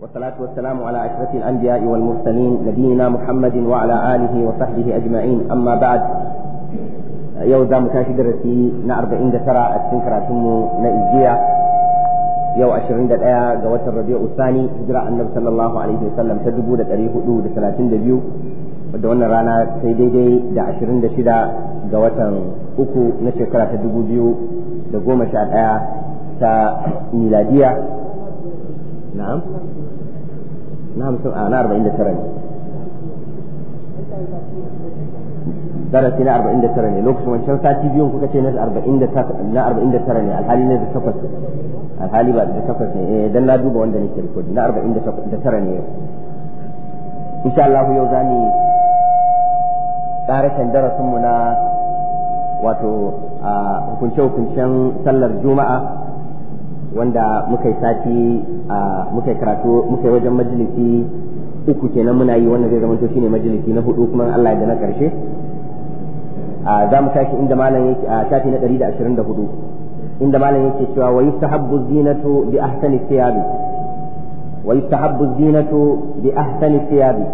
والصلاة والسلام على أشرف الأنبياء والمرسلين نبينا محمد وعلى آله وصحبه أجمعين أما بعد يوم دام كاشي درسي نا 40 ترى أتسين كراتمو نا إجيا يو أشرين دقايا قوات الربيع الثاني هجرة النبي صلى الله عليه وسلم تدبو دا تاريخ دو دا 30 دبيو wadda wannan rana sai daidai da 26 ga watan uku na shekara ta 2011 ta miladiya na'am na hamsin a na arba'in da tara ne darasi na arba'in da tara ne lokacin wancan sati biyun kuka ce na arba'in da tara ne alhali ne da takwas alhali ba da takwas ne dan na duba wanda nake rikodi na arba'in da tara ne insha Allah yau za mu tsarakan darasinmu na wato a hukunce-hukuncen sallar juma'a wanda muka yi sati muka yi karatu muka yi wajen majalisi uku kenan muna yi wannan zai zamanto shine majalisi na hudu kuma Allah ya da na karshe za mu tashi inda malam yake a shafi na 124 inda malam yake cewa wa yustahabbu zinatu bi ahsani thiyabi wa yustahabbu zinatu bi ahsani thiyabi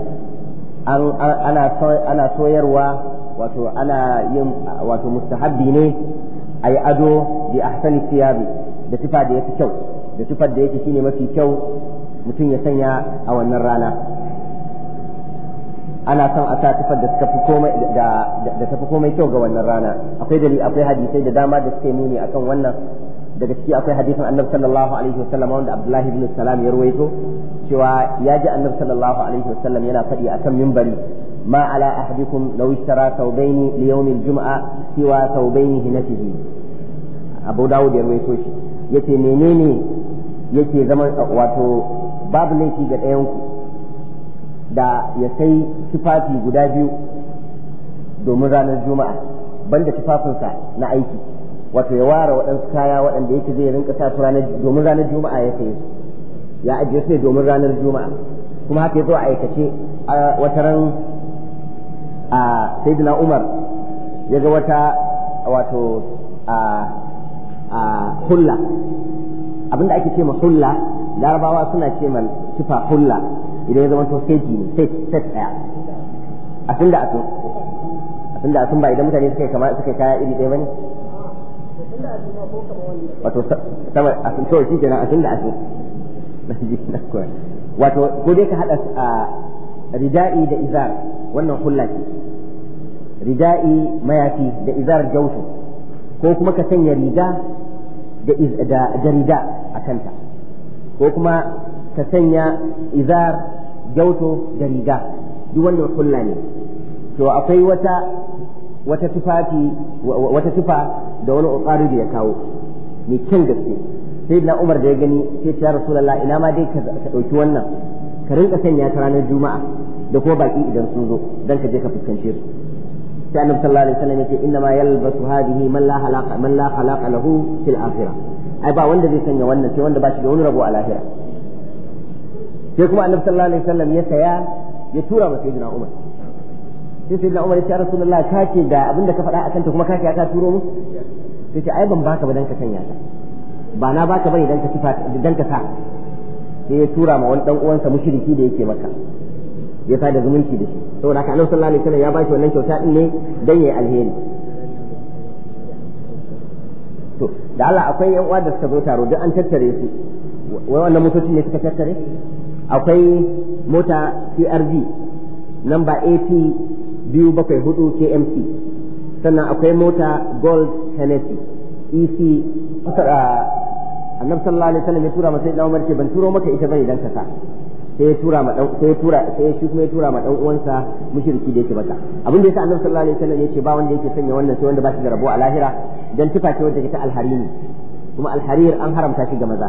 an ana ana soyarwa wato ana yin wato mustahabbi ne ay ado bi ahsani thiyabi da tufa da yafi kyau da tufar da yake shine mafi kyau mutum ya sanya a wannan rana ana son a sa tufar da suka komai da da tafi komai kyau ga wannan rana akwai dalili akwai hadisai da dama da suke nuni akan wannan daga ciki akwai hadisin annabi sallallahu alaihi wasallam wanda abdullahi ibn salam ya rawaito cewa ya ji annabi sallallahu alaihi wasallam yana faɗi akan minbari ma ala ahadikum law ishtara thawbayn li yawm al-jum'a siwa thawbayn hinafihi abu dawud ya rawaito shi yake menene yake zaman wato babu laifi ga ɗayanku da ya sai tufafi guda biyu domin ranar juma'a banda tufafinsa na aiki wato ya ware waɗansu kaya waɗanda yake zai rinka sa ranar domin ranar juma'a ya sai su ya ajiye su ne domin ranar juma'a kuma haka ya zo a aikace a wata ran a sayyidina umar ya ga wata wato hulla abinda ake ce ma hulla larabawa suna ce ma tufa hulla idan ya zama to sai ne sai set daya asin da asin asin da asin ba idan mutane suka kama suka kaya iri ɗaya bane wato sama asin to shi kenan asin da asin wato ko dai ka hada rida'i da izar wannan hulla ce rida'i mayafi da izar jautu ko kuma ka sanya riga da jarida a kanta ko kuma ka sanya izar gyauto da riga duk wannan hulla ne to akwai wata wata tufafi wata tufa da wani ƙari da ya kawo mai kyan gaske sai na umar da ya gani sai ya rasulallah ina ma dai ka ɗauki wannan ka rinka sanya ta ranar juma'a da kuma baƙi idan sun zo don ka je ka fuskance su sai annabi sallallahu alaihi wasallam yace inna ma yalbasu hadhihi man la khalaqa man la khalaqa lahu fil akhirah ai ba wanda zai sanya wannan sai wanda ba shi da wani rabo a lahira sai kuma annabi sallallahu alaihi wasallam ya saya ya tura masa sayyidina Umar sai sayyidina Umar ya ce Rasulullah kake ga abin da ka faɗa akan ta kuma kake ce ka turo mu sai ce ai ban baka ba dan ka sanya ta ba na baka bane dan ka sifa dan ka sa sai ya tura ma wani dan uwansa mushriki da yake maka ya sa zumunci da shi saboda haka annabi sallallahu alaihi wasallam ya bashi wannan kyauta din ne dan yayi alheri to da Allah akwai yan uwa da suka zo taro duk an tattare su wai wannan motocin ne suka tattare akwai mota CRV namba AP 274 KMC sannan akwai mota Gold Hennessy EC uh, annabi sallallahu alaihi wasallam ya tura masa da Umar ce ban turo maka ita bane dan ka sa sai ya tura ma dan sai ya tura sai shi kuma ya tura ma dan uwansa mushriki da yake bata abin da yasa annabi sallallahu alaihi wasallam yace ba wanda yake sanya wannan sai wanda ba shi da rabo a lahira dan tufa ce wanda ta alharimi kuma alharir an haramta shi ga maza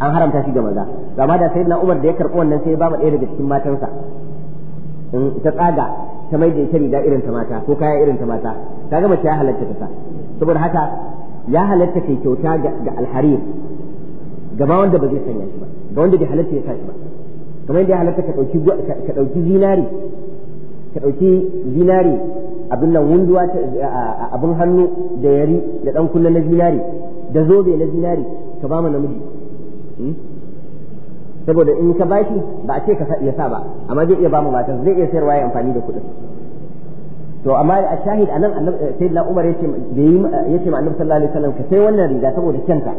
an haramta shi ga maza amma da sayyidina Umar da ya karbi wannan sai ya ba ma ɗaya daga cikin matansa in ta tsaga ta mai da ita riga irin ta mata ko kaya irin ta mata ta gama mace ya halatta ta sa saboda haka ya halatta kai kyauta ga alharir gaba wanda ba zai sanya shi ba ga wanda bai halatta ya tashi ba kamar yadda ya halatta ka ɗauki ka ɗauki zinari ka ɗauki zinari abin nan wunduwa abin hannu da yari da ɗan kunna na zinari da zobe na zinari ka ba mu namiji hmm? saboda in ka bashi ba a ce ka ya sa ba amma zai iya ba mu matar zai iya sayarwa ya amfani da kuɗin to amma a shahid anan eh, sai na umar ya ce eh, ma annabi sallallahu alaihi wasallam ka sai wannan riga saboda kyanta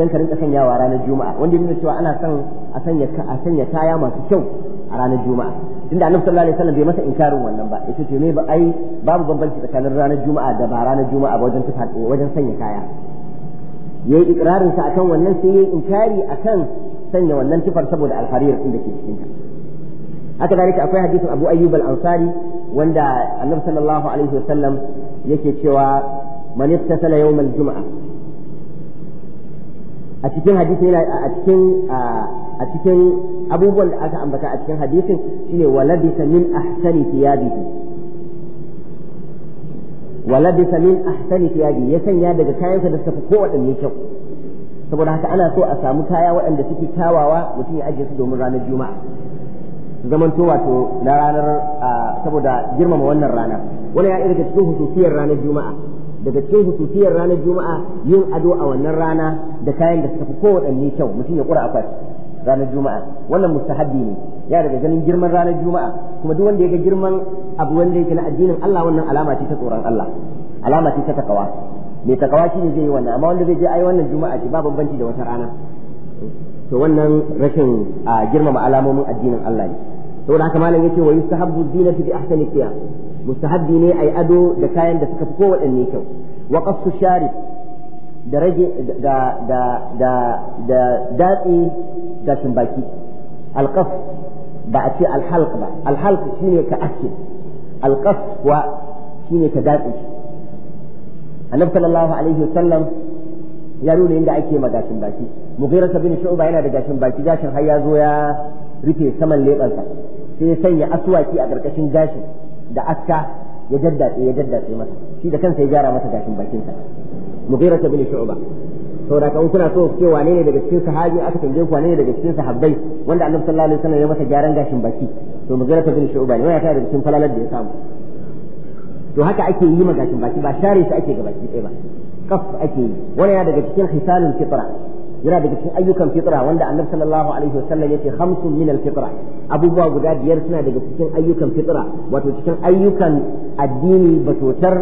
dan ka rinka sanyawa ranar juma'a wanda yana cewa ana son a sanya a sanya kaya masu kyau a ranar juma'a inda annabi sallallahu alaihi wasallam bai masa inkarin wannan ba yace to me ba ai babu bambanci tsakanin ranar juma'a da ba ranar juma'a ba wajen eh, wajen sanya kaya yayi ikrarin sa akan wannan sai yayi inkari akan sanya wannan tufar saboda alharir din da ke cikin ta haka dalika akwai hadisin Abu Ayyub al-Ansari wanda annabi sallallahu alaihi wasallam yake cewa man ittasala yawmal juma'a a cikin hadisi yana a cikin a cikin abubuwan da aka ambata a cikin hadisin shine waladisa min ahsani thiyabihi waladisa min ahsani thiyabi ya sanya daga kayansa da suka fi wadanne kyau saboda haka ana so a samu kaya waɗanda suke kyawawa mutum ya ajiye su domin ranar juma'a to wato na ranar saboda girmama wannan rana wani ya daga cikin hususiyar ranar juma'a daga cikin hususiyar ranar juma'a yin ado a wannan rana da kayan da suka fi kowaɗanne kyau mutum ya ƙura akwai ranar juma'a wannan mustahabbi ne ya daga ganin girman ranar juma'a kuma duk wanda ya ga girman abu wanda yake na addinin Allah wannan alama ce ta tsoron Allah alama ce ta takawa mai takawa shi ne zai yi wannan amma wanda zai je ai wannan juma'a ce ba bambanci da wata rana to wannan rashin girmama alamomin addinin Allah ne saboda haka malam yace wa yustahabbu zinatu bi ahsani qiyam mustahabbi ne ai ado da kayan da suka fi kowaɗanne kyau wa qassu sharif da rage da da da da datsi da baki alqas ba a ce alhalq ba alhalq shine ka aske alqas wa shine ka datsi annabi sallallahu alaihi wasallam ya nuna inda ake ma gashin baki mughira bin shu'ba yana da gashin baki gashin har ya zo ya rufe saman leɓensa sai ya sanya asuwaki a ƙarƙashin gashin da aska ya jaddatse ya jaddatse masa shi da kansa ya gyara masa gashin bakinsa ta bin shu'ba da kan kuna so ku ce wane ne daga cikin sahabi aka tambaye ku wane ne daga cikin sahabbai wanda annabi sallallahu alaihi wasallam ya masa gyaran gashin baki to ta bin shu'ba ne ta daga cikin falalar da ya samu to haka ake yi ma gashin baki ba share shi ake ga baki ɗaya ba kaf ake yi wannan ya daga cikin hisalul fitra yana daga cikin ayyukan fitra wanda annabi sallallahu alaihi wasallam yace khamsun min alfitra abubuwa guda biyar suna daga cikin ayyukan fitra wato cikin ayyukan addini batotar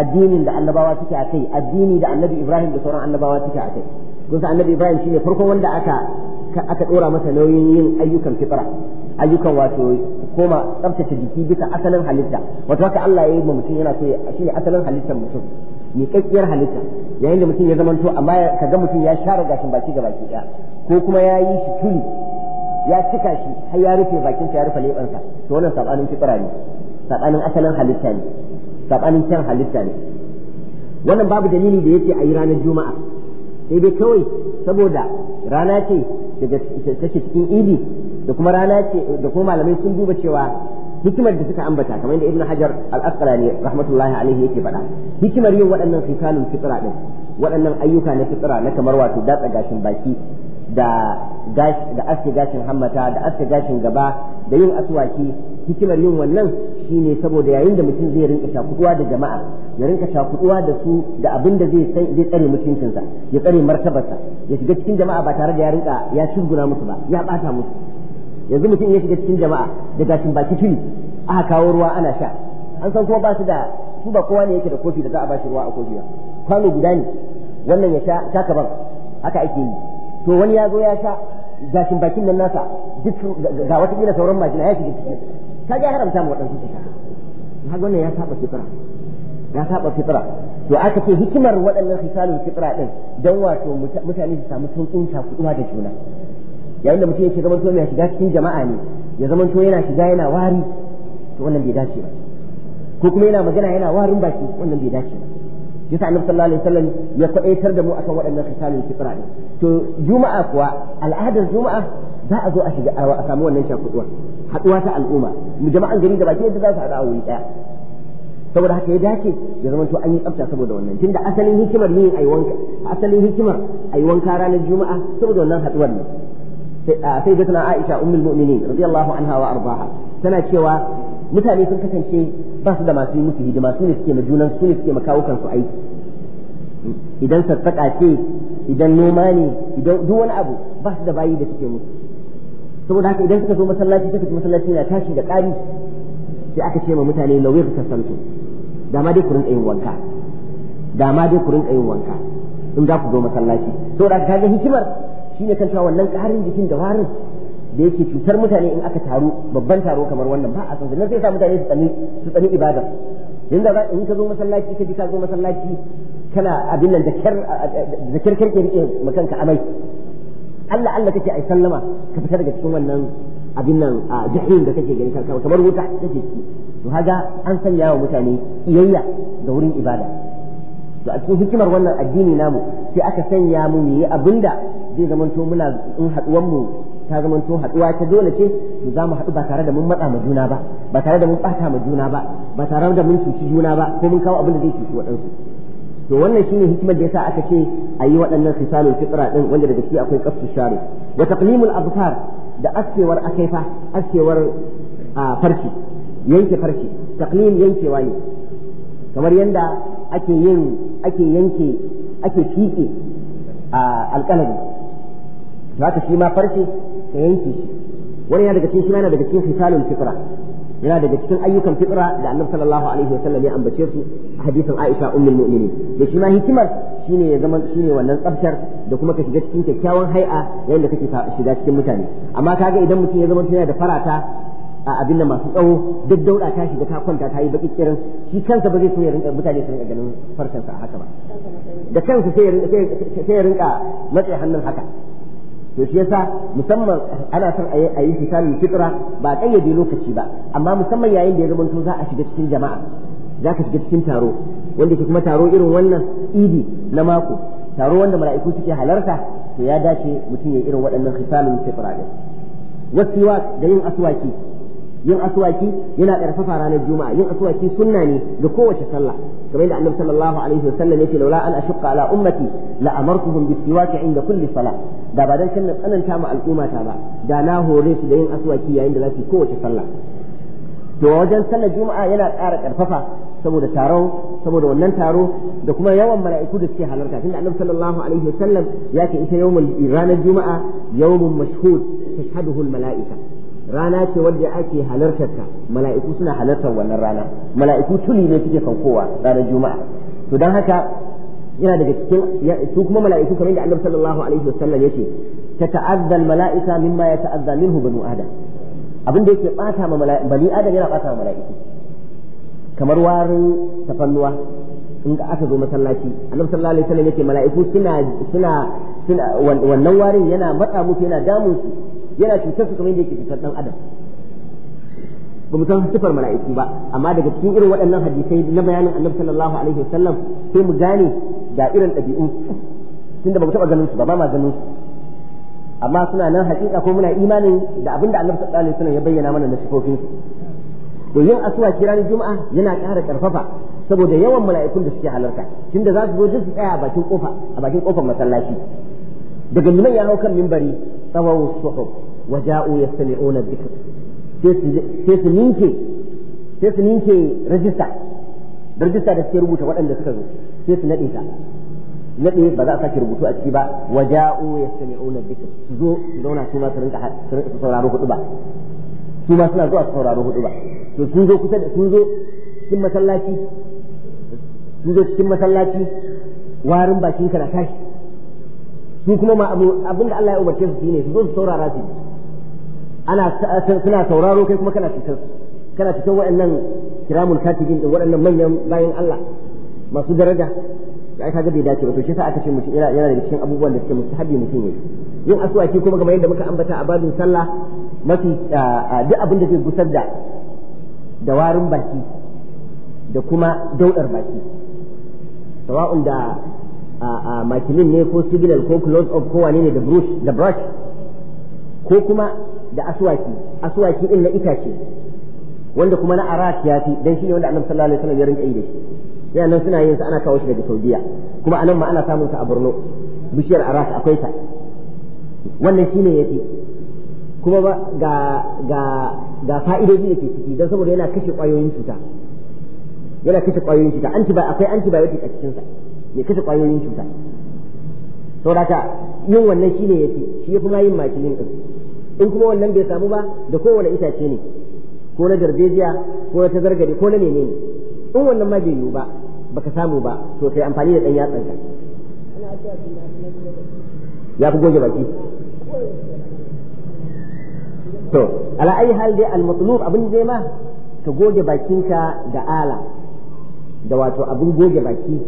addinin da annabawa suke akai addini da annabi Ibrahim da sauran annabawa suke akai kun san annabi Ibrahim shine farkon wanda aka aka dora masa nauyin yin ayyukan fitra ayyukan wato koma tsaftace jiki bisa asalin halitta wato haka Allah ya yi mutum yana so shine asalin halittar mutum miƙaƙƙiyar halitta yayin da mutum ya zamanto amma kaga mutum ya share gashin baki ga baki ɗaya ko kuma ya yi shi turi ya cika shi har ya rufe bakin ya rufe lebansa to wannan sabanin fitra ne sabanin asalin halitta ne sabanin kyan halitta ne wannan babu dalili da yake a yi ranar juma'a sai dai kawai saboda rana ce daga take cikin idi da kuma rana ce da kuma malamai sun duba cewa hikimar da suka ambata kamar da ibn hajar al-asqalani rahmatullahi alaihi yake faɗa hikimar yin waɗannan fitalul fitra din waɗannan ayyuka na fitra na kamar wato datsa gashin baki da da aske gashin hammata da aske gashin gaba da yin asuwaki hikimar yin wannan shine saboda yayin da mutum zai rinka shakuduwa da jama'a ya rinka shakuduwa da su da abin da zai zai tsare mutuncinsa ya tsare martabarsa ya shiga cikin jama'a ba tare da ya rinka ya shirguna musu ba ya bata musu yanzu mutum ya shiga cikin jama'a da gashin baki tuni aka kawo ruwa ana sha an san kuma ba su da su ba kowa ne yake da kofi da za a ba shi ruwa a kofi ba kwano guda ne wannan ya sha sha kaban haka ake yi to wani ya zo ya sha gashin bakin nan nasa duk ga wata kila sauran majina ya shiga cikin ka ga haramta mu waɗansu su sha haka wannan ya saba fitra ya saba fitra to aka ce hikimar waɗannan hisalun fitra din dan wato mutane su samu sauƙin shakuɗuwa da juna yayin da mutum yake zaman to ya shiga cikin jama'a ne ya zaman to yana shiga yana wari to wannan bai dace ba ko kuma yana magana yana warin baki wannan bai dace ba yasa annabi sallallahu alaihi wasallam ya kwadaitar da mu akan waɗannan khisalul fitra ne to juma'a kuwa al'adar juma'a za a zo a shiga a samu wannan shakuduwa haɗuwa ta al'umma mu jama'an gari da baki yadda za su haɗu a wuri ɗaya saboda haka ya dace ya zama to an yi tsafta saboda wannan tunda asalin hikimar yin ai wanka asalin hikimar ai wanka ranar juma'a saboda wannan haɗuwar ne sayyidatuna Aisha ummul mu'minin radiyallahu anha wa ardaha tana cewa mutane sun kasance ba su da masu musu hidima su suke ma junan su suke ma kawo kansu aiki idan sassaƙa ce idan noma ne idan duk abu ba su da bayi da suke musu saboda haka idan suka zo masallaci suka ji masallaci na tashi da ƙari sai aka ce ma mutane lawir kasantu da ma dai ku rinƙa yin wanka da ma dai ku rinƙa yin wanka in za ku zo masallaci hikimar shine kan cewa wannan ƙarin jikin da warin da yake cutar mutane in aka taru babban taro kamar wannan ba a san nan sai sa mutane su tsani su tsani ibada inda za in ka zo masallaci ka ji ka zo masallaci kana abin nan da kyar da kyar kyar rike makanka amai Allah Allah kake ai sallama ka fita daga cikin wannan abin nan a jahilin da kake gani kanka kamar wuta kake ciki to haga an sanya wa mutane iyayya da wurin ibada to a cikin hikimar wannan addini namu sai aka sanya mu yi abinda zai to muna in haduwan mu ta zamanto haduwa ta dole ce to za mu haɗu ba tare da mun matsa ma juna ba ba tare da mun ɓata ma juna ba ba tare da mun cuci juna ba ko mun kawo abin da zai cuci waɗansu to wannan shine hikimar da yasa aka ce a yi waɗannan khisalul fitra din wanda daga ciki akwai kafsu shari wa taqlimul abfar da askewar akaifa askewar farci yanke farci taqlim yankewa ne kamar yanda ake yin ake yanke ake fiƙe a alƙalami ta shi ma farce ka yanke shi wani yana daga cikin shi yana daga cikin hisalul fitra yana daga cikin ayyukan fitra da annabi sallallahu alaihi wasallam ya ambace su a hadisin Aisha ummul mu'minin da shi ma hikimar shine ya zama shine wannan tsaftar da kuma ka shiga cikin kyakkyawan hai'a yayin da kake shiga cikin mutane amma kaga idan mutum ya zama yana da farata a abin da masu tsawo duk dauɗa ta shiga ta kwanta ta yi baki kirin shi kansa ba zai so ya rinka mutane su rinka ganin farkansa haka ba da kansa sai ya rinka matse hannun haka to shi yasa musamman ana son a yi hisamin fitra ba a kayyade lokaci ba amma musamman yayin da ya zamanto za a shiga cikin jama'a za ka shiga cikin taro wanda ke kuma taro irin wannan idi na mako taro wanda mala'iku suke halarta to ya dace mutum ya irin waɗannan hisamin fitra din yawa da yin aswaki yin asuwaki yana karfafa ranar juma'a yin aswaki sunna ne ga kowace sallah kamar da annabi sallallahu alaihi wasallam yake laula an ashqa ala ummati la amartuhum bisiwaki inda kulli salah da ba dan kan tsananta ma al'ummata ba da na hore su da yin aswaki yayin da za su kowace sallah to wajen sallar juma'a yana ƙara karfafa saboda taro saboda wannan taro da kuma yawan mala'iku da suke halarta tunda annabi sallallahu alaihi wasallam ya ce ita yawmul ranar juma'a yawmun mashhud tashhaduhu al mala'ika rana ce wadda ake halartar ta mala'iku suna halartar wannan rana mala'iku tuli ne suke saukowa ranar juma'a to dan haka yana daga cikin su kuma mala'iku kamar yadda annabi sallallahu alaihi wasallam yace tata'adda al-mala'ika mimma yata'adda minhu banu adam abin da yake bata ma bani adam yana bata ma mala'iku kamar warin tafannuwa in ka aka zo masallaci annabi sallallahu alaihi wasallam yace mala'iku suna suna wannan warin yana matsa musu yana damun su yana cutar su kamar yadda yake cutar dan adam ba mu san sifar mala'iku ba amma daga cikin irin waɗannan hadisai na bayanin annabi sallallahu alaihi wasallam sai mu gane ga irin ɗabi'un da ba mu taɓa ganin su ba ba ma ganin su amma suna nan haƙiƙa ko muna imanin da abin da annabi sallallahu alaihi wasallam ya bayyana mana na sifofin su to yin ki ranar juma'a yana ƙara ƙarfafa saboda yawan mala'ikun da suke halarta tunda za su zo duk su tsaya a bakin kofa a bakin kofar masallaci daga liman ya hau kan mimbari tsawon suhuf waja'u yastami'una dhikr sai su ninke sai su ninke rajista rajista da suke rubuta waɗanda suka zo sai su naɗe ta naɗe ba za a sake rubutu a ciki ba waja'u yastami'una dhikr su zo su zauna su ma su rinka su sauraro hudu ba su ma suna zuwa su sauraro hudu ba to sun zo kusa da sun zo cikin masallaci sun zo cikin masallaci warin bakin ka na tashi su kuma ma abinda Allah ya umarce su shine su zo su saurara su ana suna sauraro kai kuma kana cikin kana cikin waɗannan kiramul katibin din waɗannan manyan bayan Allah masu daraja ya kaga bai dace ba to shi sa aka ce mutum yana yana da cikin abubuwan da suke mustahabi mutum ne yin aswaki kuma kamar yadda muka ambata a babin sallah mafi duk abin da zai gusar da da warin baki da kuma dauɗar baki sawa'un da makilin ne ko signal ko close up ko wane ne da da brush ko kuma da aswaki aswaki din na itace wanda kuma na arat ya fi dan shine wanda annabi sallallahu alaihi wasallam ya rinka yi da shi yana nan suna yin sa ana kawo shi daga saudiya kuma anan ma ana samun sa a borno bishiyar arat akwai ta wannan shine yafi kuma ba ga ga ga fa'idoji da ke ciki don saboda yana kashe kwayoyin cuta yana kashe kwayoyin cuta akwai antibiotic a cikin sa ne kashe kwayoyin cuta saboda haka yin wannan shine yafi shi ya fi ma yin makilin din in kuma wannan bai samu ba da kowane itace ne ko na darbejiya ko na tazargade ko na ne. in wannan ma bai yiwu ba baka samu ba to kai amfani da dan yatsanka ya fi goge baki to ala ayi hal dai al matlub abin da ma ka goge bakinka da ala da wato abin goge baki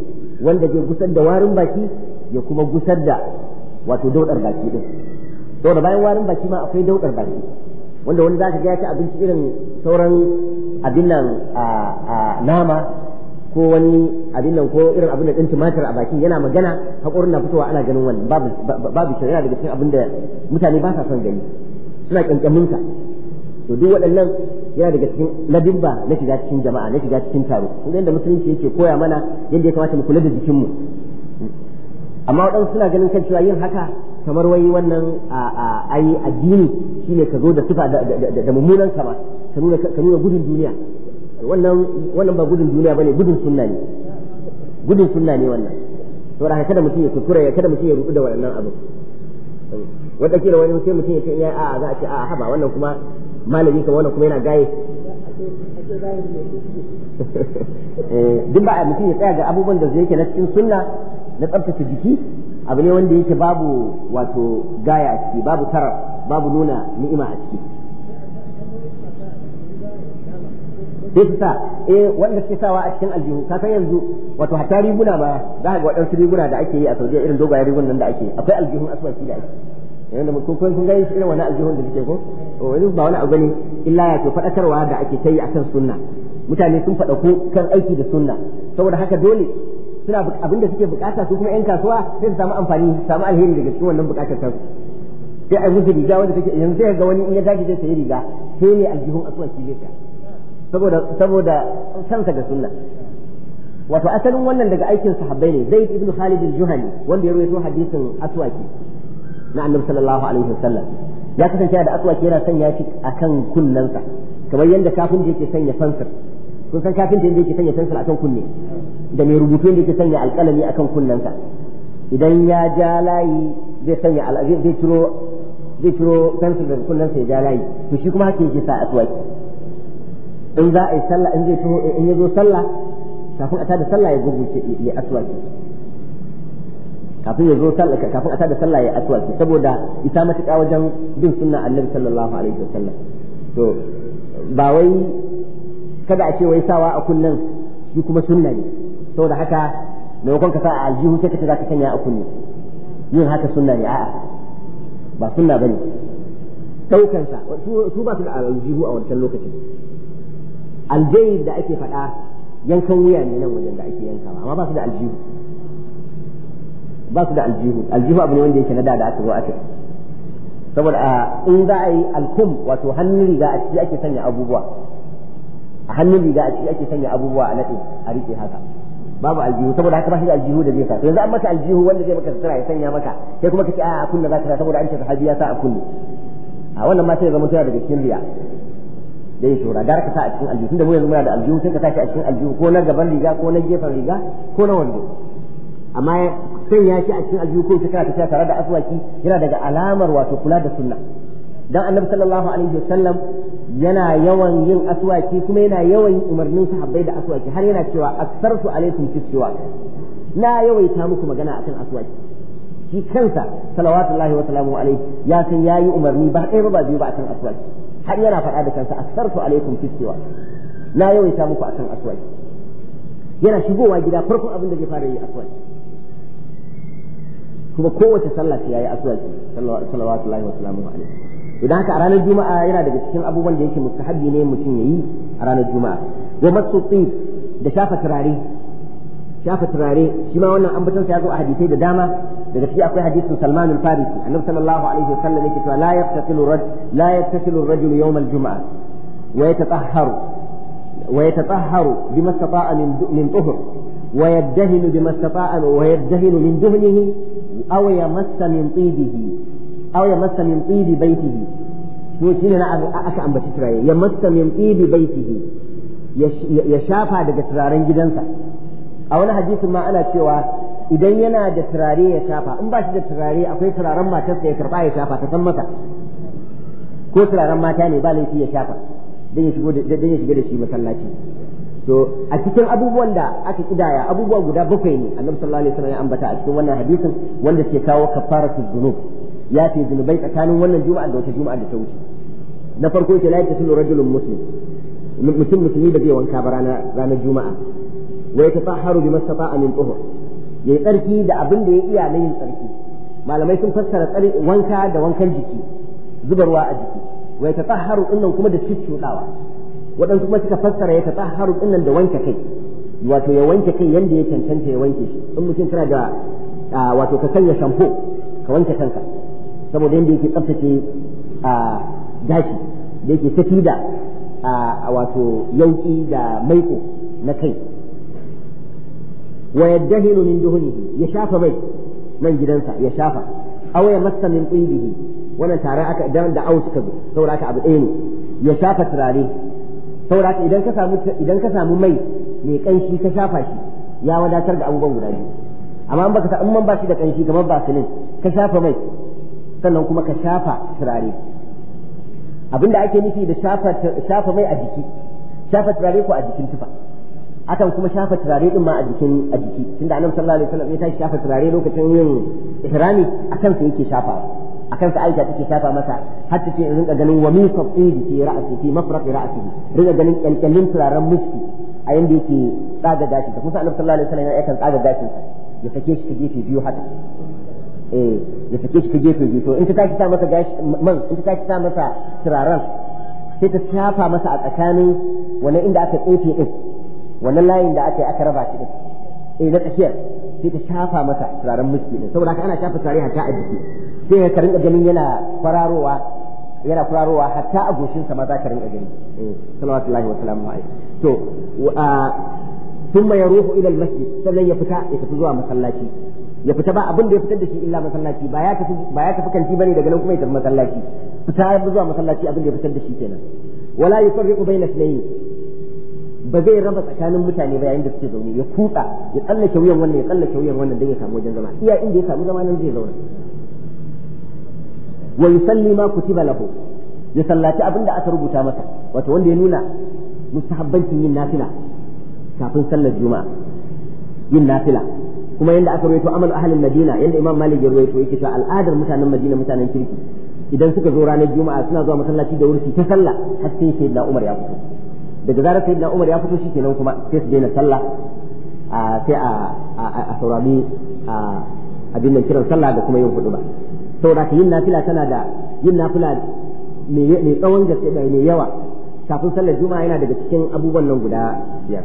wanda zai gusar da warin baki ya kuma gusar da wato daudar baki din to da bayan warin baki ma akwai daukar baki wanda wani za ka ga ya abinci irin sauran abin nan nama ko wani abin nan ko irin abin da din tumatir a bakin yana magana hakorin na fitowa ana ganin wannan babu babu shari'a daga cikin abin da mutane ba sa son gani suna kankaminka ka to duk waɗannan yana daga cikin ladibba na shiga cikin jama'a na shiga cikin taro kun yadda musulunci yake koya mana yadda ya kamata mu kula da jikinmu amma waɗansu suna ganin kan cewa yin haka kamar wai wannan ai addini shine ka zo da sifa da mummunan kama ka nuna ka nuna gudun duniya wannan wannan ba gudun duniya bane gudun sunna ne gudun sunna ne wannan saboda haka kada mutum ya kuskura ya kada mutum ya rubu da wannan abu wanda kira wani sai mutum ya ce ya a za a ce a haba wannan kuma malami kuma wannan kuma yana gaye eh, duk ba a mutum ya tsaya ga abubuwan da zai yake na cikin sunna na tsabtace jiki abu ne wanda yake babu wato gaya a ciki babu tarar babu nuna ni'ima a ciki sai su sa eh wanda suke sawa a cikin aljihu ka san yanzu wato hatta riguna ba za ka ga waɗansu riguna da ake yi a Saudiya irin dogayen rigunan nan da ake akwai aljihun aswaki da ake yanda mu kun kun gani irin wani aljihun da suke ko wani ba wani abu ne illa ya to faɗakarwa da ake ta yi akan sunna mutane sun faɗa ko kan aiki da sunna saboda haka dole suna abin da suke bukata su kuma yan kasuwa sai su samu amfani su samu alheri daga cikin wannan bukatar kansu sai a musu riga wanda take yanzu sai ga wani in ya tashi zai sayi riga sai ne aljihun asuwa shi zai saboda saboda kansa ga sunna wato asalin wannan daga aikin sahabbai ne zaid ibn khalid al-juhani wanda ya rawaito hadisin aswaki na annabi sallallahu alaihi wasallam ya kasance da aswaki yana sanya shi akan kunnansa kamar yadda kafin da yake sanya fansir kun san kafin da yake sanya fansir akan kunne da mai rubutu da ke sanya alƙalami akan kunnensa idan ya ja layi zai sanya zai ciro zai ciro kansu da kunnensa ya ja layi to shi kuma haka yake sa aswaki in za a yi sallah in zai taho in ya zo sallah kafin a tada sallah ya gurgurce ya aswaki kafin ya zo sallah kafin a tada sallah ya aswaki saboda isa matuƙa wajen bin sunna annabi sallallahu alaihi wasallam to ba wai kada a ce wai sawa a kunnen shi kuma sunna ne saboda haka maimakon ka sa a aljihu sai ka ce za ka sanya a kunne yin haka sunna ne a'a ba sunna su ba su da aljihu a wancan lokacin aljai da ake faɗa yankan wuya ne nan wajen da ake amma ba su da aljihu ba su da aljihu aljihu abu ne wanda yake na da da aka zo aka saboda a in za a yi alkum wato hannun riga a ciki ake sanya abubuwa a hannun riga a ciki ake sanya abubuwa a naɗe a riƙe haka babu aljihu saboda haka ba shi aljihu da zai sa yanzu an maka aljihu wanda zai maka sutura ya sanya maka sai kuma kace a kunna zaka sa saboda an ce sahabi ya sa a kunne a wannan ma sai zama tana daga cikin riya da ya shura gara ka sa a cikin aljihu tunda mu yanzu muna da aljihu sai ka sa shi a cikin aljihu ko na gaban riga ko na gefen riga ko na wando amma sai ya shi a cikin aljihu ko ta kana tare da aswaki yana daga alamar wato kula da sunna dan annabi sallallahu alaihi wasallam yana yawan yin aswaki kuma yana yawan yin umarnin sahabbai da aswaki har yana cewa aksartu alaikum tiswa na yawaita muku magana akan aswaki shi kansa salawatullahi wa salamu alaihi ya san yayi umarni ba ɗaya ba biyu ba akan aswaki har yana faɗa da kansa aksartu alaikum tiswa na yawaita muku akan aswaki yana shigowa gida farkon abin da zai fara yi aswaki kuma kowace sallah sai yayi aswaki salawatullahi wa salamu alaihi idan haka a ranar juma'a yana daga cikin abubuwan da yake mustahabbi ne mutum ya yi a ranar juma'a wa masu da shafa turare shafa turare shi ma wannan ambaton sa ya zo a hadisai da dama daga ciki akwai hadisin Salman al-Farisi annabi sallallahu alaihi wasallam yake cewa la yaftasilu rajul la yaftasilu rajul yawm al-jum'a wa yatatahharu wa yatatahharu bima istata'a min min tuhur wa yadahinu bima istata'a wa yadahinu min duhnihi aw yamassa min tidihi aw ya massa min tibi baitihi to shine na aka ambaci turare ya massa min tibi baitihi ya shafa daga turaren gidansa a wani hadisin ma ana cewa idan yana da turare ya shafa in ba shi da turare akwai turaren matarsa ya karba ya shafa ta san masa ko turaren mata ne ba laifi ya shafa dan ya shigo dan ya shiga da shi masallaci to a cikin abubuwan da aka kidaya abubuwa guda bakwai ne annabi sallallahu alaihi wasallam ya ambata a cikin wannan hadisin wanda ke kawo kafaratu dhunub ya ce zunubai tsakanin wannan juma'a da wata juma'a da ta wuce na farko yake la yatasallu rajulun muslim mutum musulmi da zai wanka ba ranar juma'a wa yatahharu bima istata'a min tuhur yayi tsarki da abin da ya iya na yin tsarki malamai sun fassara tsari wanka da wankan jiki zubarwa a jiki wa yatahharu dinnan kuma da ciccudawa waɗansu kuma suka fassara ya tatahharu dinnan da wanke kai wato ya wanke kai yanda ya cancanta ya wanke shi in mutum tana da ah, wato ka sanya shampo ka wanke kanka saboda yadda yake tsaftace a gashi da yake tafi da a wato yauki da maiko na kai wa yaddahinu min duhunihi ya shafa mai nan gidansa ya shafa aw ya massa min tsibihi wannan tare aka idan da au suka zo saboda aka abu ɗaya ne ya shafa turare saboda aka idan ka samu idan ka samu mai mai kanshi ka shafa shi ya wadatar da abubuwan guda biyu amma in baka in man ba shi da kanshi kamar basilin ka shafa mai sannan kuma ka shafa turare abinda ake nufi da shafa mai a jiki shafa turare ko a jikin tufa akan kuma shafa turare din ma a jikin a jiki tunda annabi sallallahu alaihi wasallam ya tashi shafa turare lokacin yin ihrami akan sa yake shafa akan sa Aisha take shafa masa har ta ce in rinka ganin wa min sabidi fi ra'si fi mafraqi ra'si rinka ganin kyalkyalin turaren muski a yanda yake tsaga gashin ta kuma annabi sallallahu alaihi wasallam ya kan tsaga gashin sa ya sake shi ta gefe biyu haka eh ya sake shi ta gefe biyu to in ta tashi ta masa gashi man in ta tashi ta masa turaren sai ta shafa masa a tsakanin wannan inda aka tsefe din wannan layin da aka yi aka raba shi din eh na tsakiyar sai ta shafa masa turaren miski din saboda haka ana shafa turare hatta a jiki sai ya karin ganin yana kwararowa yana kwararowa hatta a sa ma za ka rinka gani eh sallallahu alaihi wa sallam to al-masjid sai ya fita ya tafi zuwa masallaci. ya fita ba abin da ya fitar da shi illa masallaci ba ya tafi ba ya tafi kanti bane daga nan kuma ya tafi masallaci fita ya zuwa masallaci abin da ya fitar da shi kenan wala yufarriqu bayna ithnayn ba zai raba tsakanin mutane ba yayin da suke zaune ya kuka ya tsallake wuyan wannan ya tsallake wuyan wannan dan ya samu wajen zama iya inda ya samu zama nan zai zauna wa yusalli ma kutiba lahu ya sallaci abin da aka rubuta masa wato wanda ya nuna mustahabbancin yin nafila kafin sallar juma'a yin nafila kuma yanda aka rawaito amal ahlin madina yanda imam malik ya rawaito yake cewa al'adar mutanen madina mutanen kirki idan suka zo ranar juma'a suna zuwa masallaci da wurfi ta sallah har sai sayyidina umar ya fito daga zarar sayyidina umar ya fito shikenan kuma sai su daina sallah a sai a saurari a abin nan kiran sallah da kuma yin ba saboda yin nafila tana da yin nafila mai tsawon gaske da mai yawa kafin sallar juma'a yana daga cikin abubuwan nan guda biyar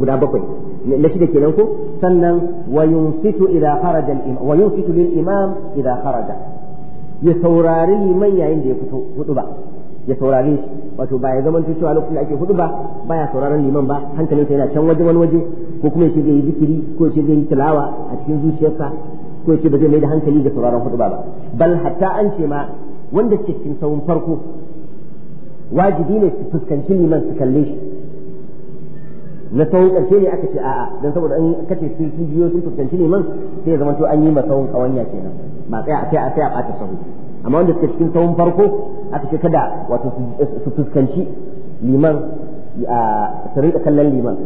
guda bakwai na shida kenan ko sannan wa yunsitu idza kharaja al-imam wa yunsitu lil imam idza kharaja ya saurari liman yayin da ya fito hudu ba ya saurari shi wato ba ya zama cewa lokacin da ake hudu ba ya sauraron liman ba hankalinsa yana can waje wani waje ko kuma yace zai yi zikiri ko yace zai yi tilawa a cikin zuciyarsa ko yace ba zai mai da hankali ga sauraron hudu ba bal hatta an ce ma wanda ke cikin sawun farko wajibi ne su fuskanci liman su kalle shi na tsawon ƙarshe ne aka ce a'a don saboda an kace sun biyo sun fuskanci neman sai ya zama to an yi ma tsawon ƙawanya kenan ba tsaya a sai a ɓata sahu amma wanda suke cikin tsawon farko aka ce kada wato su fuskanci liman su rinka kallon liman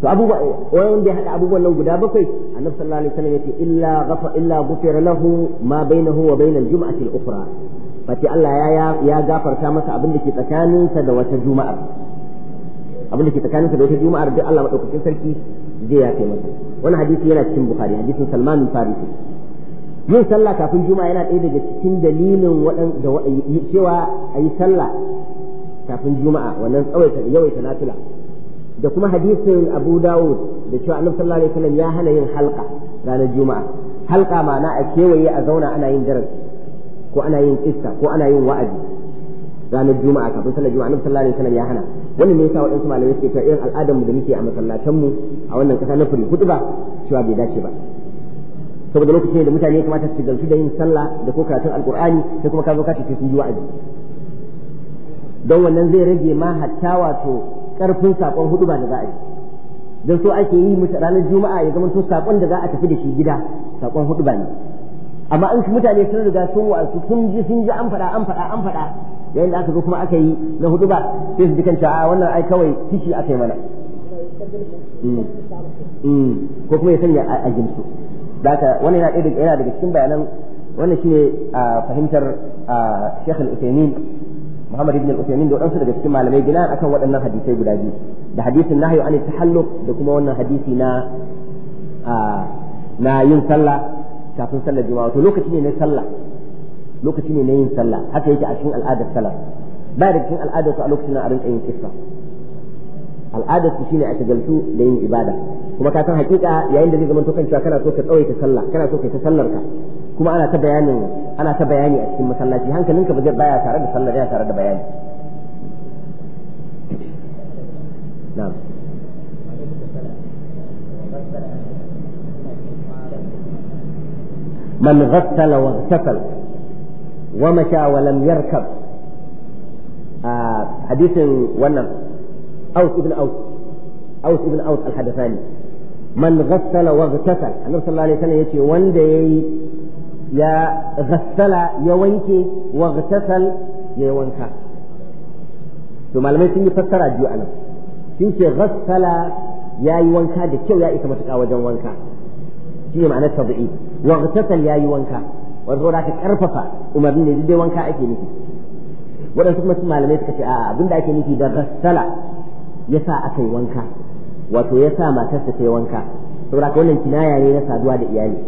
to abubuwa wanda ya haɗa abubuwan nan guda bakwai annabi sallallahu alaihi wasallam yace illa ghafa illa ghufira lahu ma bainahu wa bainal jum'ati al-ukhra fati Allah ya ya gafarta masa abin da ke tsakaninsa da wata juma'ar abin da ke tsakaninsa da wata juma'ar duk Allah madaukakin sarki zai yafe masa wani hadisi yana cikin bukhari hadisin salman farisi yin sallah kafin juma'a yana ɗaya daga cikin dalilin waɗanda cewa a yi sallah kafin juma'a wannan tsawaita yawaita nafila da kuma hadisin abu dawud da cewa annabi sallallahu alaihi wasallam ya hana yin halka ranar juma'a halka ma'ana a kewaye a zauna ana yin darasi ko ana yin kissa ko ana yin wa'azi ranar juma'a kafin sallar juma'a annabi sallallahu alaihi wasallam ya hana wani ne yasa waɗansu malamai suke cewa irin al'adar mu da muke a masallatan mu a wannan ƙasa na fure hudu ba cewa bai dace ba saboda lokacin da mutane ya kamata su gamsu da yin sallah da ko karatun Alƙur'ani sai kuma ka zo ka ce sun yi wa'azi don wannan zai rage ma hatta wato ƙarfin saƙon hudu ba da za a yi don so ake yi ranar juma'a ya zama to saƙon da za a tafi da shi gida saƙon hudu ba ne amma an mutane sun riga sun wa'azi sun ji sun ji an faɗa an faɗa an faɗa yayin da aka zo kuma aka yi na hudu ba sai su dukan a wannan ai kawai kishi aka yi mana mm. Mm. ko kuma ya sanya a jinsu da haka wannan yana daga yana daga cikin bayanan wannan shine a fahimtar Sheikh Al-Uthaymeen Muhammad ibn Al-Uthaymeen da wadansu daga cikin malamai gina akan waɗannan hadisai guda biyu da hadisin nahyu anil tahalluq da kuma wannan hadisi na na yin sallah kafin sallar juma'a to lokaci ne na sallah lokaci ne na yin sallah haka yake a cikin al'adar salaf ba da cikin al'adar su a lokacin a rinka yin kissa al'adar su shine a shagaltu da yin ibada kuma ka san hakika yayin da zai zama to kanka kana so ka tsawaita sallah kana so ka ta sallar ka kuma ana ta bayanin ana ta bayani a cikin masallaci hankalinka ba zai baya tare da sallar ya tare da bayani na'am من غسل واغتسل wa wa lam a hadisin wannan aus ibn aus aus ibn aus al-hadathani man ghassala wa ghassala annabi sallallahu alaihi wasallam wanda ya ghassala ya wanke wa ghassal ya wanka to malamai sun yi fassara biyu anan sun ce ghassala yayi wanka da kyau ya isa matuƙa wajen wanka shi ma'anar yayi wanka wanda da karfafa umarni ne dai wanka ake nufi waɗansu kuma malamai suka ce a'a abinda ake nufi da ghassala yasa aka yi wanka wato yasa matarsa ta yi wanka saboda wannan kinaya ne na saduwa da iyali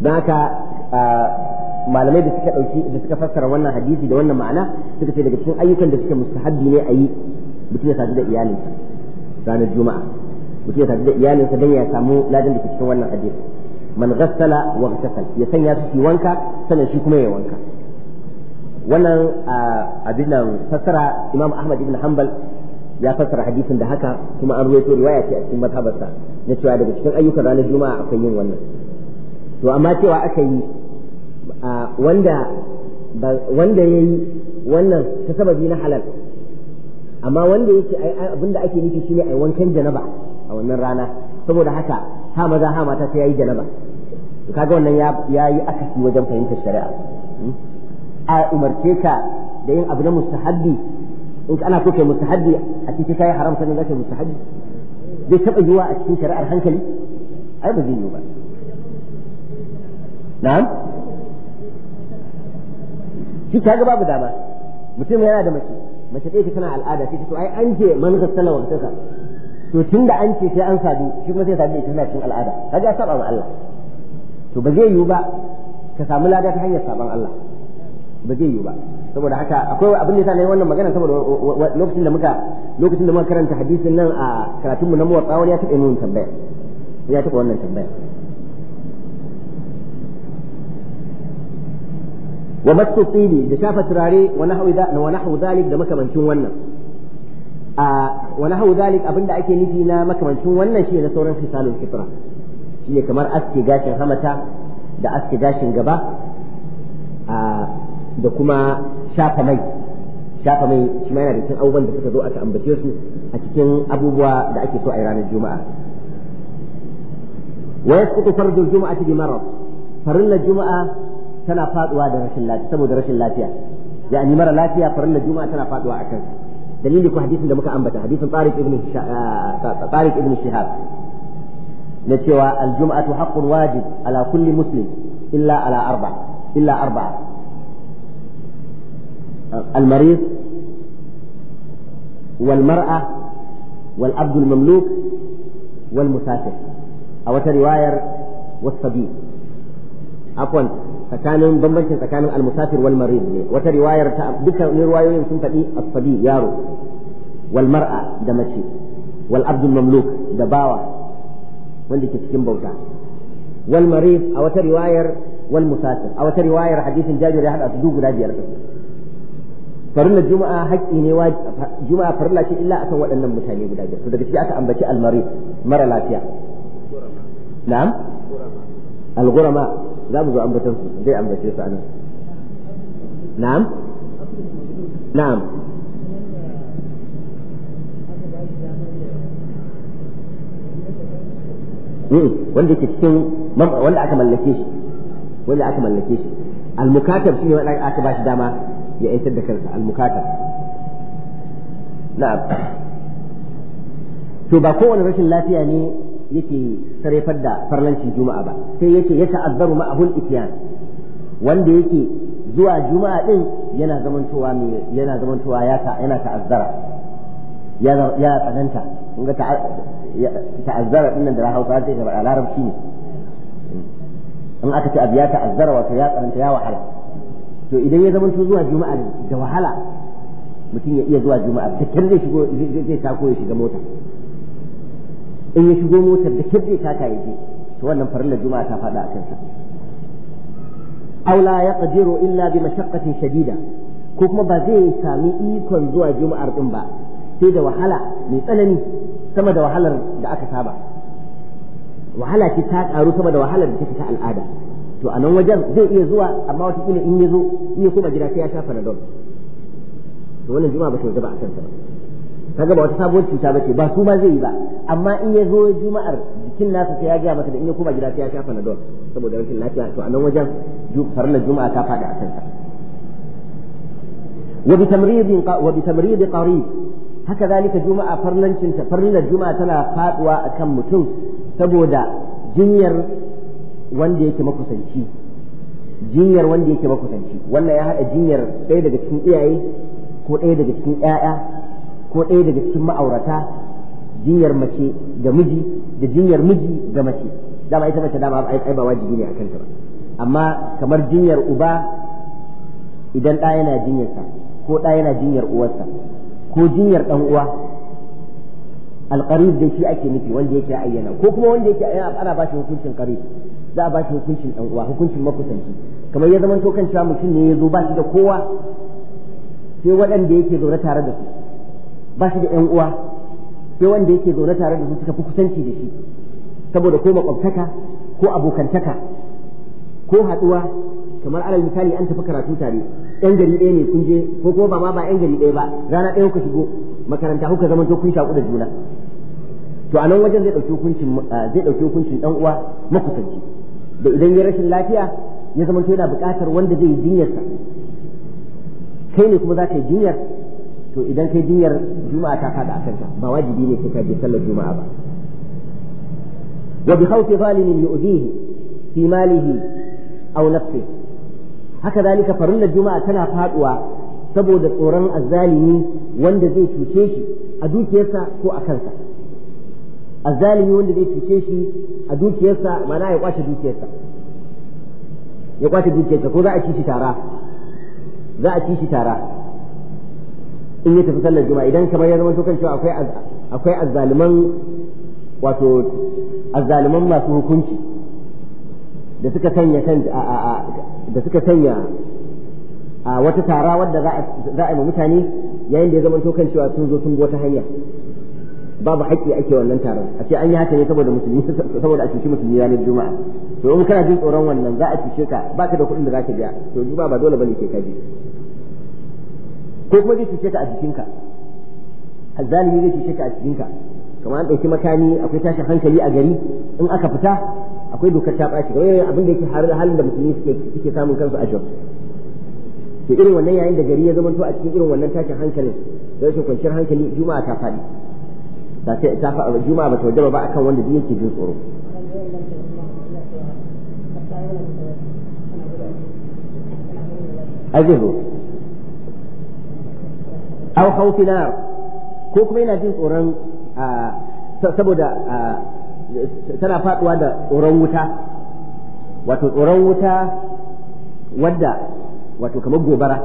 don haka malamai da suka ɗauki da suka fassara wannan hadisi da wannan ma'ana suka ce daga cikin ayyukan da suke mustahabbi ne a yi mutum ya sadu da iyalinsa ranar juma'a mutum ya sadu da iyalinsa don ya samu ladan da ke cikin wannan hadisi man ghassala wa ghtasal ya sanya su wanka sannan shi kuma ya wanka wannan abin nan imam ahmad ibn hanbal ya fassara hadisin da haka kuma an ruwaito riwaya ce a cikin mazhabarsa na cewa daga cikin ayyukan ranar juma'a akwai yin wannan to amma cewa aka yi wanda wanda yayi wannan ta sababi na halal amma wanda yake abinda ake nufi shine ai wankan janaba a wannan rana saboda haka ha maza ha mata sai yayi janaba kaga wannan ya yi akasi wajen fahimtar shari'a hmm? a umarce ka da yin abu na mustahabbi in ana so kai mustahabbi a cikin kai haram sanin zaka mustahabbi bai taba yiwa a cikin shari'ar hankali ai ba zai yiwu ba na'am shi kaga babu dama mutum yana da mace mace ɗaya tana al'ada sai to ai an ce man gassala wa to tunda an ce sai an sadu shi kuma sai sadu ne tana cikin al'ada kaga ya saba ma Allah to ba zai yiwu ba ka samu lada ta hanyar saban Allah ba zai yiwu ba saboda haka akwai abin da yasa nayi wannan magana saboda lokacin da muka lokacin da muka karanta hadisin nan a karatun mu na muwatta wani ya taɓa mun tambaya ya taɓa wannan tambaya wa basu tsili da shafa turare wa nahwu da zalik da makamancin wannan a wa nahwu zalik abinda ake nufi na makamancin wannan shi ne sauran fisalul fitra shine kamar aske gashin hamata da aske gashin gaba da kuma shafa mai shafa mai shi ma yana da cikin abubuwan da suka zo aka ambace su a cikin abubuwa da ake so a ranar juma'a wa yasqutu fardu juma'ati bi marad farillar juma'a tana faduwa da rashin lafiya saboda rashin lafiya ya'ani mara lafiya farillar juma'a tana faduwa akan dalili ko hadisin da muka ambata hadisin Tariq ibn Tariq ibn Shihab na cewa aljum'atu haƙƙun wajib ala kulli muslim illa ala arba illa arba mamluk wal musafir a wata riwayar رواية والصبي عفوا tsakanin bambancin tsakanin al musafir wal marid ne wata riwayar ta duka riwayoyin sun faɗi as-sabi yaro wal mar'a da mace wal abdul mamluk da bawa wanda ke cikin bauta wal marif a wata riwayar wal musafir a wata riwayar hadisin jabir ya hada su guda biyar din farilla juma'a haƙƙi ne juma'a farilla ce illa akan waɗannan mutane guda biyar to daga shi aka ambaci al marid mara lafiya na'am al gurama za mu zo ambatan su zai ambace su anan na'am na'am wanda ke cikin wanda aka mallake shi wanda aka mallake shi shine wanda aka ba shi dama ya aitar da kansa na'am to ba kowane rashin lafiya ne yake sarrafar da farlancin juma'a ba sai yake ya ta'azzaru ma'ahul ityan wanda yake zuwa juma'a din yana zamantowa yana zamantowa ya yana ta'azzara ya ya tsananta kun ga ta'azzara din da Hausa sai ga larabci ne in aka ce abu ya ta'azzara wato ya karanta ya wahala to idan ya zama zuwa juma'a da wahala mutum ya iya zuwa juma'a da kyar zai shigo zai tako ya shiga mota in ya shigo mota da kyar zai taka ya je to wannan farillar juma'a ta faɗa a kansa aula ya qadiru illa bi mashaqqatin shadida ko kuma ba zai sami ikon zuwa juma'ar din ba sai da wahala mai tsanani sama da wahalar da aka saba wahala ce ta karu sama da wahalar da take ta al'ada to a nan wajen zai iya zuwa amma wata kila in ya zo in ya koma gida sai ya sha panadol to wannan juma'a ba ta wajaba a kanta ba kaga ba wata sabuwar cuta ba ce ba su ma zai yi ba amma in ya zo juma'ar jikin nasa sai ya gaya masa da in ya koma gida sai ya sha panadol saboda rashin lafiya to a nan wajen farlar juma'a ta faɗi a kanta wa bi tamrid bi tamrid haka zalika juma'a farlancin ta farlinar juma'a tana faduwa akan mutum saboda jinyar wanda yake makusanci jinyar wanda yake makusanci wannan ya haɗa jinyar ɗaya daga cikin iyaye ko ɗaya daga cikin ƴaƴa ko ɗaya daga cikin ma'aurata jinyar mace ga miji da jinyar miji ga mace dama ita mace dama ai ba wajibi ne akan ta ba amma kamar jinyar uba idan ɗa yana jinyarsa ko ɗa yana jinyar uwarsa ko jinyar dan uwa alqarib da shi ake nufi wanda yake ayyana ko kuma wanda yake ayyana ana ba shi hukuncin qarib za a ba shi hukuncin dan uwa hukuncin makusanci kamar ya zama to kan cewa mutum ne ya zo ba shi da kowa sai waɗanda yake zaune tare da su ba shi da ƴan uwa sai wanda yake zaune tare da su suka fi kusanci da shi saboda ko makwabtaka ko abokantaka ko haɗuwa kamar alal misali an tafi karatu tare yan gari ɗaya ne kun je ko kuma ba ma ba yan gari ɗaya ba rana ɗaya kuka shigo makaranta kuka zama to kun shaku da juna to a nan wajen zai ɗauki hukuncin zai ɗauki hukuncin ɗan uwa makusanci da idan ya rashin lafiya ya zama to yana buƙatar wanda zai yi jinyarsa kai ne kuma za ka yi jinyar to idan kai jinyar juma'a ta faɗa a kanka ba wajibi ne sai ka je sallar juma'a ba wa bi khawfi zalimin yu'dihi fi malihi aw nafsihi haka zalika farillar juma'a tana faduwa saboda tsoron azzalimi wanda zai cuce shi a dukiyarsa ko a kansa azzalimi wanda zai cuce shi a dukiyarsa mana ya kwace dukiyarsa ya kwace dukiyarsa ko za a ci shi tara za a ci shi tara in ya tafi sallar juma'a idan kamar ya zama to kan cewa akwai akwai azzaliman wato azzaliman masu hukunci da suka sanya kan da suka sanya a wata tara wadda za a yi mutane yayin da ya zama kan cewa sun zo sun ta hanya babu haƙƙi ake wannan taron a ce an yi haka ne saboda musulmi saboda a cuci musulmi ranar juma'a to in kana jin tsoron wannan za a cuce ka ba ka da kuɗin da za ka biya to juma'a ba dole bane ke kaji ko kuma zai cuce ka a jikinka azzalimi zai cuce ka a jikinka kamar an ɗauki makani akwai tashin hankali a gari in aka fita akwai dokar ta ɓaci game da abin da yake har halin da musulmi suke suke samun kansu a jos to irin wannan yayin da gari ya zamanto a cikin irin wannan tashin hankalin da rashin kwanciyar hankali juma'a ta faɗi ta juma'a ba ta wajaba ba akan wanda duk yake jin tsoro azihu au khawfi ko kuma yana jin tsoron saboda tana faduwa da tsoron wuta wato tsoron wuta wadda wato kamar gobara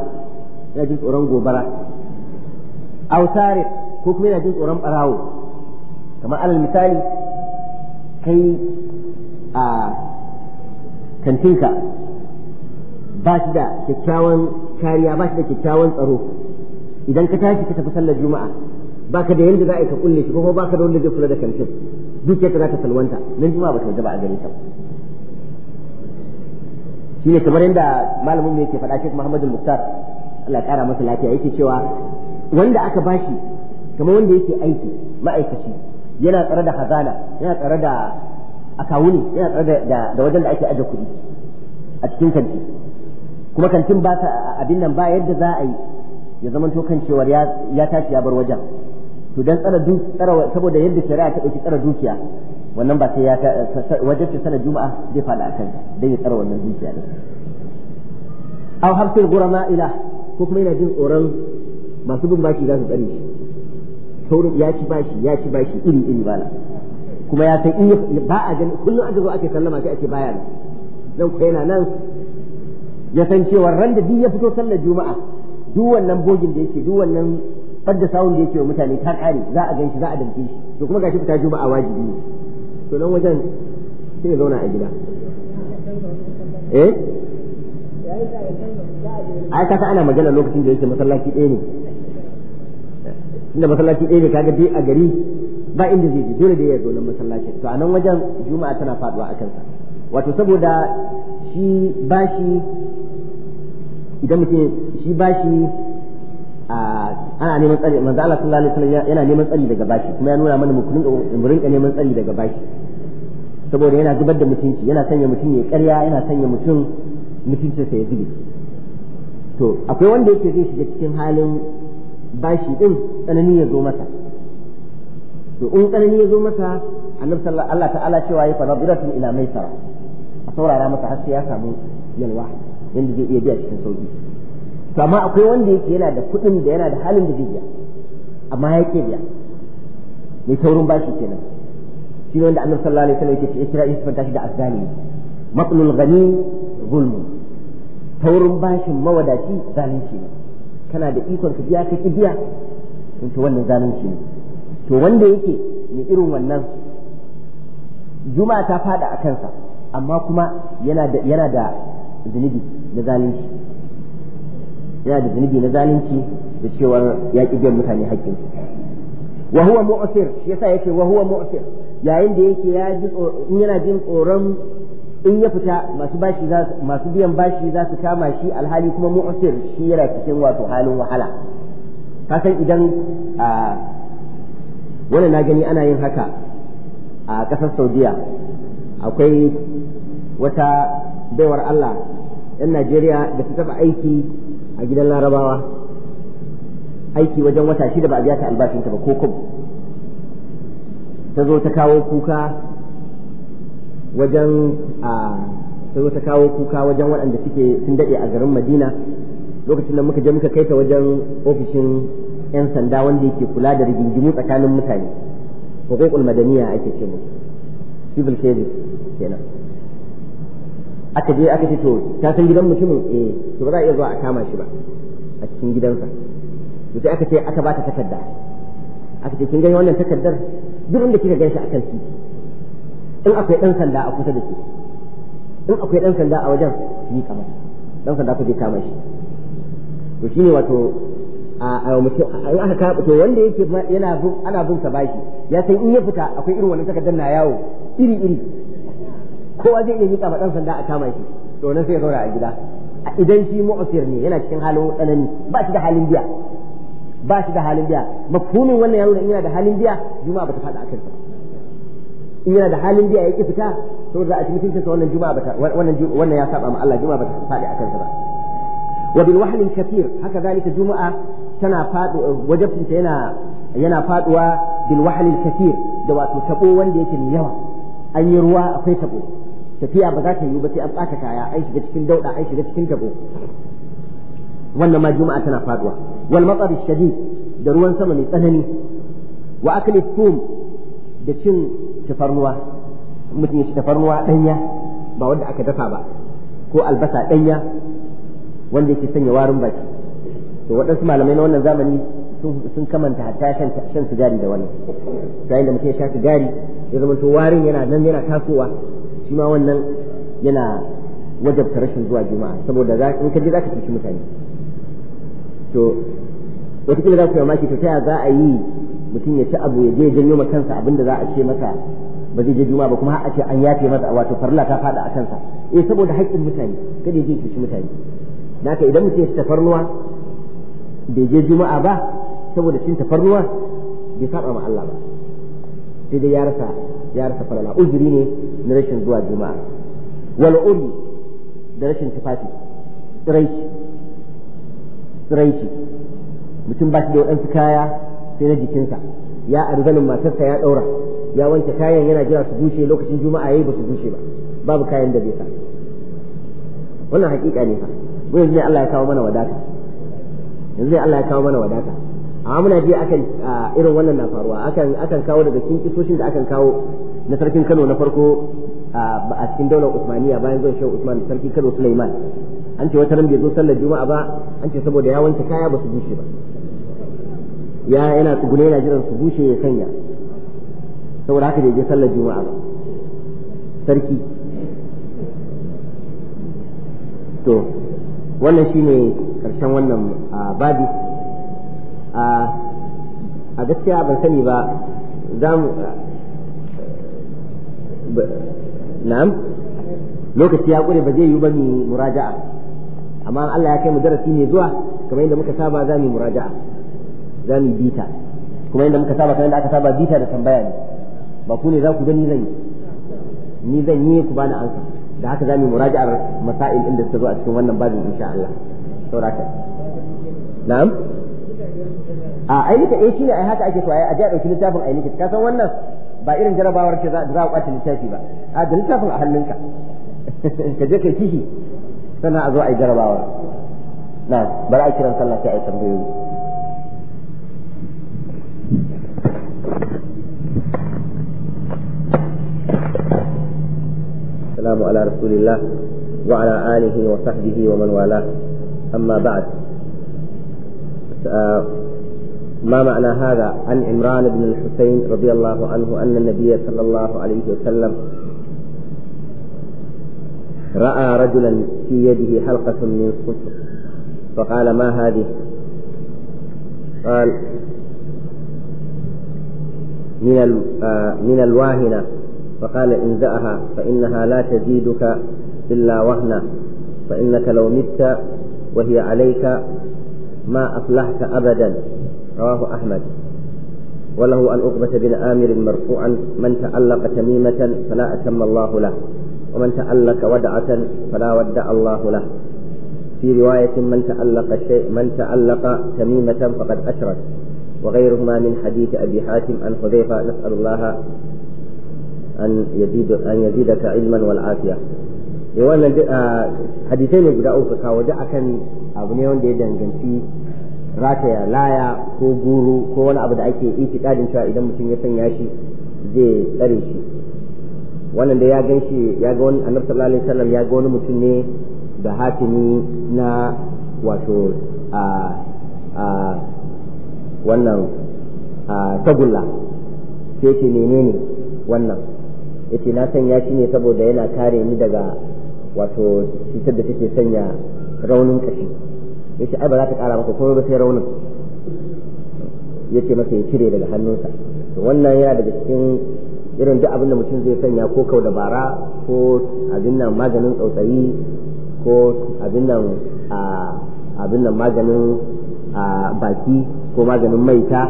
yana jin tsoron gobara autare ko kuma yana jin tsoron barawo kamar alal misali kai a kantinka ba shi da kyakkyawan kariya ba shi da kyakkyawan tsaro idan ka tashi ka tafi sallar juma'a ba ka da yadda za a yi ka kulle shi ko ka da wanda zai kula da kantin duk ka za ta salwanta nan juma'a ba ta wajaba a gare ta shi ne kamar yadda malamin mu yake faɗa Sheikh Muhammadu Muktar Allah kara masa lafiya yake cewa wanda aka bashi kamar wanda yake aiki ma'aikaci yana tsare da hazana yana tsare da akawuni yana tsare da wajen da ake aje kuɗi a cikin kanti kuma kantin ba abin nan ba yadda za a yi ya zamanto kan cewar ya tashi ya bar wajen to dan tsara duk tsara saboda yadda shari'a ta dauki tsara dukiya wannan ba sai ya wajabta sana juma'a zai fada akan dai ya tsara wannan dukiya din aw hafsul gurama ila ko kuma yana jin tsoron masu bin bashi za su tsare shi saurin ya ci bashi ya ci bashi iri iri bala kuma ya san in ba a gani kullum aka zo ake sallama sai ake baya ne dan ko yana nan ya san cewa ran da duk ya fito sallar juma'a duk wannan bogin da yake duk wannan fadda sawun da yake wa mutane ta kare za a ganshi za a damke shi to kuma gashi fita juma'a wajibi ne to nan wajen sai zauna a gida eh ai ka ana magana lokacin da yake masallaci ɗaya ne inda masallaci ɗaya ne kaga dai a gari ba inda zai je dole da ya zo nan masallacin to a nan wajen juma'a tana faduwa a kansa wato saboda shi bashi idan mutum shi bashi ana neman tsari manzo Allah sallallahu alaihi wasallam yana neman tsari daga bashi kuma ya nuna mana mu kullun mu rinka neman tsari daga bashi saboda yana zubar da mutunci yana sanya mutum ya karya yana sanya mutum sa ya zube to akwai wanda yake zai shiga cikin halin bashi din tsanani ya zo masa to in tsanani ya zo masa annabi sallallahu Allah ta'ala cewa ya fara biratun ila maisara a saurara masa har sai ya samu yalwa yanda zai iya biya cikin sauki to amma akwai wanda yake yana da kuɗin da yana da halin da zai biya amma ya ke biya mai taurin bashi kenan shi ne wanda annabi sallallahu alaihi wasallam yake ce kira shi ta shi da azzani maqlul ghani zulm taurin bashin mawadaci zalunci ne kana da ikon ka biya ka ki biya to wannan zalunci ne to wanda yake mai irin wannan juma ta fada a kansa amma kuma yana da yana da zunubi da zalunci yana da zunubi na zalunci da cewar ya ƙi biyan mutane haƙƙin su wa huwa mu'sir yasa yake wa huwa mu'sir yayin da yake ya ji in yana jin tsoron in ya fita masu bashi za masu biyan bashi za su kama shi alhali kuma mu'sir shi yana cikin wato halin wahala ka san idan a wani na gani ana yin haka a ƙasar Saudiya akwai wata baiwar Allah 'yan Najeriya da su taɓa aiki a gidan larabawa aiki wajen wata shida ba a biya ta albashinta ba ko kum ta zo ta kawo kuka wajen a ta ta kawo kuka wajen waɗanda suke sun daɗe a garin madina lokacin da muka je muka kai ta wajen ofishin 'yan sanda wanda yake kula da rigingimu tsakanin mutane hukukul madaniya ake ce mu civil service kenan aka je aka ce to ta san gidan mutumin eh to ba za a iya zuwa a kama shi ba a cikin gidansa to sai aka ce aka ba ta takarda aka ce kin gani wannan takardar duk inda kika gan shi akan titi in akwai dan sanda a kusa da ke in akwai dan sanda a wajen ni kamar dan sanda ku je kama shi to shine wato a mutum in aka kama to wanda yake yana ana bin sa bashi ya san in ya fita akwai irin wannan takardar na yawo iri iri kowa zai iya miƙa ma ɗan sanda a kama shi to nan sai ya zauna a gida a idan shi mu'sir ne yana cikin halin tsanani ba shi da halin biya ba shi da halin biya mafhumin wannan ya nuna in yana da halin biya juma'a ba ta faɗa akan sa in yana da halin biya yake fita to za a cikin mutuncin sa wannan juma'a ba ta wannan wannan ya saba ma Allah juma'a ba ta faɗi akan sa ba wa bil wahlin kathir haka zalika juma'a tana faɗo wajibin ta yana yana faduwa bil wahlin kathir da wato tabo wanda yake mai yawa an yi ruwa akwai tabo tafiya ba za ta yiwu ba sai an ɓata kaya an shiga cikin dauɗa an shiga cikin tabo wannan ma juma'a tana faduwa wal matsar shadid da ruwan sama mai tsanani wa akli tum da cin tafarnuwa mutum ya ci tafarnuwa danya ba wanda aka dafa ba ko albasa danya wanda yake sanya warin baki to waɗansu malamai na wannan zamani sun kamanta hatta shan sigari da wannan yayin da mutum ya sha sigari ya zama to warin yana nan yana tasowa shi ma wannan yana wajabta rashin zuwa juma'a saboda za in ka je za ka cuci mutane to wataƙila za ku yi mamaki to ta za a yi mutum ya ci abu ya je ya janyo ma kansa abin da za a ce masa ba zai je juma'a ba kuma har a ce an yafe masa wato farla ta fada a kansa eh saboda haƙƙin mutane kada ya je cuci mutane naka idan mutum ya ci tafarnuwa bai je juma'a ba saboda cin tafarnuwa bai saba ma Allah ba sai dai ya rasa ya rasa falala uzuri ne na rashin zuwa juma'a wal uri da rashin tufafi tsiraici tsiraici mutum ba shi da waɗansu kaya sai na jikinsa ya arzanin matarsa ya ɗaura ya wanke kayan yana jira su bushe lokacin juma'a yayi ba su bushe ba babu kayan da zai sa wannan hakika ne fa mu yanzu ne Allah ya kawo mana wadata yanzu ne Allah ya kawo mana wadata amma muna ji akan irin wannan na faruwa akan akan kawo daga cikin kisoshin da akan kawo na sarkin Kano na farko a cikin daular Usmaniya bayan zuwan Shehu Usman sarki Kano Sulaiman an ce wata ran bai zo sallar Juma'a ba an ce saboda ya wanke kaya ba su bushe ba ya yana tsugune yana jiran su bushe ya sanya saboda haka bai je sallar Juma'a ba sarki to wannan shine karshen wannan babi a gaskiya ban sani ba za mu na'am lokaci ya kure ba zai yi ba mu muraja'a amma Allah ya kai mu darasi ne zuwa kamar yadda muka saba za mu muraja'a za mu bita kuma yadda muka saba kamar yadda aka saba bita da tambaya ne ba ku ne za ku gani zan yi ni zan yi ku bani ansa da haka za mu muraja'a masail inda suka zo a cikin wannan babin insha Allah sauraka na'am a ai eh, shi ne shine ai haka ake so ai a ji a dauki littafin ai ka san wannan ba irin jarabawar ce za a kwace littafi ba a da littafin a hannunka ka je kai kishi sannan a zo a yi jarabawa na bari a kiran sallah sai a yi tambayoyi السلام على رسول الله وعلى آله وصحبه ومن والاه أما بعد ما معنى هذا عن عمران بن الحسين رضي الله عنه أن النبي صلى الله عليه وسلم رأى رجلا في يده حلقة من صفر فقال ما هذه قال من آه، من الواهنة فقال انزأها فإنها لا تزيدك إلا وهنا فإنك لو مت وهي عليك ما أفلحت أبدا رواه أحمد وله عن عقبة بن عامر مرفوعا من تألق تميمة فلا أتم الله له ومن تألق ودعة فلا ودع الله له في رواية من تألق شيء من تألق تميمة فقد أشرك وغيرهما من حديث أبي حاتم عن حذيفة نسأل الله أن يزيد أن يزيدك علما والعافية wannan hadisai ne guda uku kawo da akan abu ne wanda ya danganci rataya laya ko guru ko wani abu da ake itikadin cewa idan mutum ya sanya shi zai tsare shi wannan da ya gan shi ya ga wani annabi sallallahu alaihi wasallam ya ga wani mutum ne da hatimi na wato a a wannan a tagulla sai ce menene wannan yace na sanya shi ne saboda yana kare ni daga wato cutar da take sanya raunin kashi yace ai ba za ta kara maka komai ba sai raunin yace masa ya cire daga hannunsa to wannan yana daga cikin irin duk abin da mutum zai sanya ko kau da bara ko abin nan maganin tsautsayi ko abin nan abin nan maganin baki ko maganin maita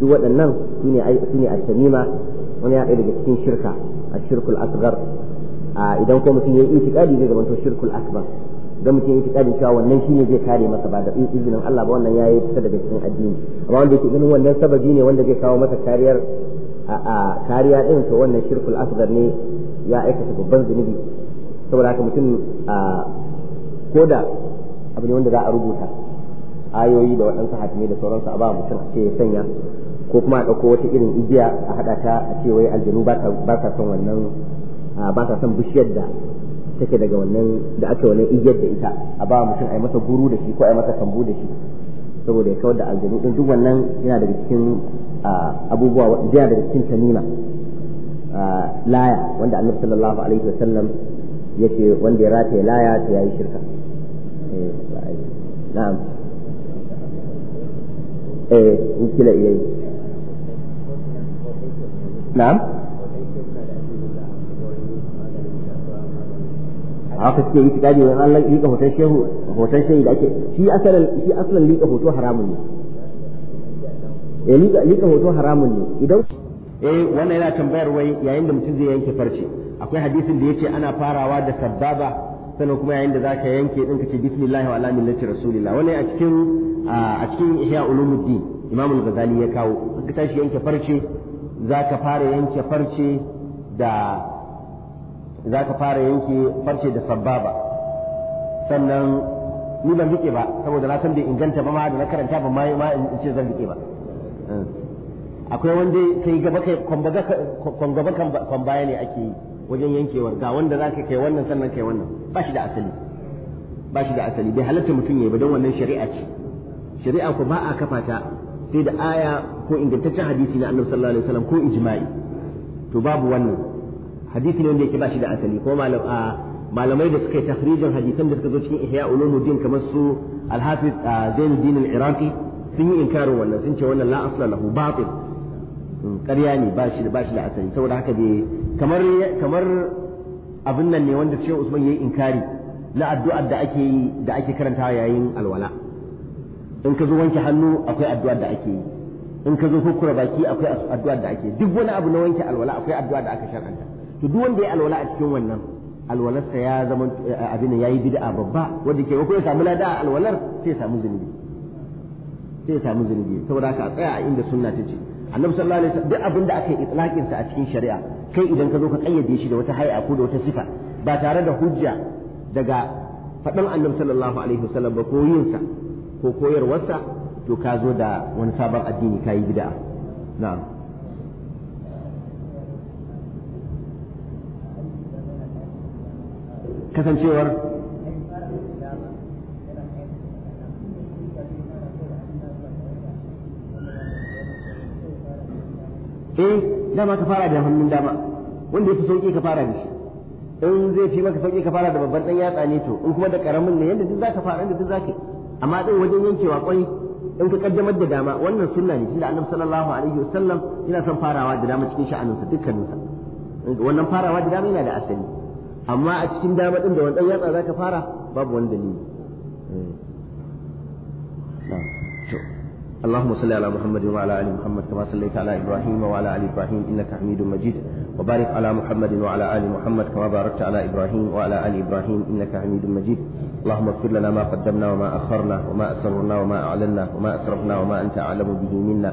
duk waɗannan su ne a shamima wani ya daga cikin shirka a shirkul asgar idan ko mutum ya yi itikadi zai zamanto shirkul akbar don mutum yake kadin cewa wannan ne zai kare masa ba da izinin Allah ba wannan yi fita daga cikin addini amma wanda yake ganin wannan sababi ne wanda zai kawo masa kariyar a kariya din to wannan shirkul asghar ne ya aikata babban zunubi saboda haka mutum a koda abu ne wanda za a rubuta ayoyi da waɗansu hatimai da sauransu a ba mutum a ce ya sanya ko kuma a ɗauko wata irin igiya a haɗa ta a ce wai aljanu ba sa son wannan ba sa son bishiyar da take daga wannan da aka wannan igiyar da ita a ba mutum a yi masa guru da shi ko a yi masa kambu da shi saboda ya kawar da aljanu din duk wannan yana daga cikin abubuwa yana daga cikin tamima laya wanda annabi sallallahu alaihi wasallam yake wanda ya rataye laya ta yayi shirka eh, na'am eh in kila na'am haka suke yi tikadi wani Allah liƙa hoton shehu hoton shehu da ake shi asalin shi asalin liƙa hoto haramun ne eh liƙa liƙa hoto haramun ne idan eh wannan yana tambayar wai yayin da mutum zai yanke farce akwai hadisin da yace ana farawa da sababa sannan kuma yayin da zaka yanke din ka ce bismillah wa ala millati rasulillah wannan a cikin a cikin ihya ulumuddin imam al-ghazali ya kawo ka tashi yanke farce zaka fara yanke farce da za ka fara yanke farce da sababa sannan ni ban rike ba saboda na san bai inganta ba ma da na karanta ba ma in ce zan rike ba akwai wanda kai gaba kai kwangaba kan baya ne ake yi wajen yankewar ga wanda za ka kai wannan sannan kai wannan ba shi da asali ba shi da asali bai halatta mutum ya yi ba don wannan shari'a ce shari'a ku ba a kafa ta sai da aya ko ingantaccen hadisi na annabi sallallahu alaihi wasallam ko ijma'i to babu wannan hadisi ne wanda yake ba shi da asali ko malamai da suka yi tafrijin hadisan da suka zo cikin ihya ulumuddin kamar su al-hafiz zainuddin al-iraqi sun yi inkarin wannan sun ce wannan la asla lahu batil hmm, ƙarya ne ba shi ba shi da asali saboda haka dai kamar kamar abin nan ne wanda shehu usman yayi inkari na addu'ar da ake yi da ake karantawa yayin alwala in ka zo wanke hannu akwai addu'ar da ake yi in ka zo kukkura baki akwai addu'ar da ake duk wani abu na wanke alwala akwai addu'ar da aka shar'anta to duk wanda ya alwala a cikin wannan alwalarsa ya zama eh, abin ya yi bid'a babba wanda ke ko ya samu lada a alwalar sai ya samu zunubi sai ya samu zunubi saboda haka a tsaya a inda sunna ta ce annabi sallallahu alaihi wasallam duk abin da aka yi itlaqin sa a cikin shari'a kai idan ka zo ka kayyade shi da wata hay'a ko da wata sifa ba tare da hujja daga faɗin annabi sallallahu alaihi wasallam ba ko yin sa ko koyarwarsa to ka zo da wani sabon addini kayi bid'a na'am kasancewar eh dama ka fara da hannun dama wanda ya fi sauƙi ka fara da shi in zai fi maka sauƙi ka fara da babban ɗan yatsa ne to in kuma da ƙaramin ne yadda duk ka fara yadda duk zaka amma ɗin wajen yankewa ƙwai in ka ƙaddamar da dama wannan sunna ne tunda annabi sallallahu alaihi wasallam yana son farawa da dama cikin sha'aninsa dukkaninsa wannan farawa da dama yana da asali amma a cikin dama din da wannan yatsa zaka fara babu wani dalili اللهم صل على محمد وعلى ال محمد كما صليت على ابراهيم وعلى ال ابراهيم انك حميد مجيد وبارك على محمد وعلى ال محمد كما باركت على ابراهيم وعلى ال ابراهيم انك حميد مجيد اللهم اغفر لنا ما قدمنا وما اخرنا وما اسررنا وما اعلنا وما اسرفنا وما انت اعلم به منا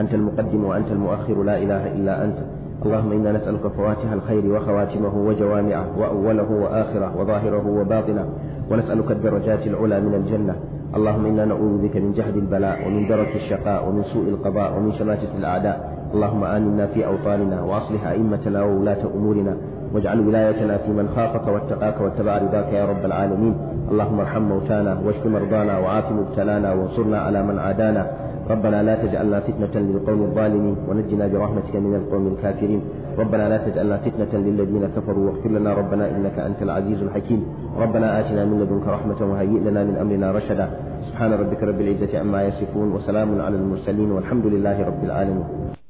انت المقدم وانت المؤخر لا اله الا انت اللهم إنا نسألك فواتح الخير وخواتمه وجوامعه وأوله وآخره وظاهره وباطنه ونسألك الدرجات العلى من الجنة اللهم إنا نعوذ بك من جهد البلاء ومن درك الشقاء ومن سوء القضاء ومن شماتة الأعداء اللهم آمنا في أوطاننا وأصلح أئمتنا وولاة أمورنا واجعل ولايتنا في من خافك واتقاك واتبع رضاك يا رب العالمين اللهم ارحم موتانا واشف مرضانا وعاف مبتلانا وانصرنا على من عادانا ربنا لا تجعلنا فتنة للقوم الظالمين ونجنا برحمتك من القوم الكافرين ربنا لا تجعلنا فتنة للذين كفروا واغفر لنا ربنا إنك أنت العزيز الحكيم ربنا آتنا من لدنك رحمة وهيئ لنا من أمرنا رشدا سبحان ربك رب العزة عما يصفون وسلام على المرسلين والحمد لله رب العالمين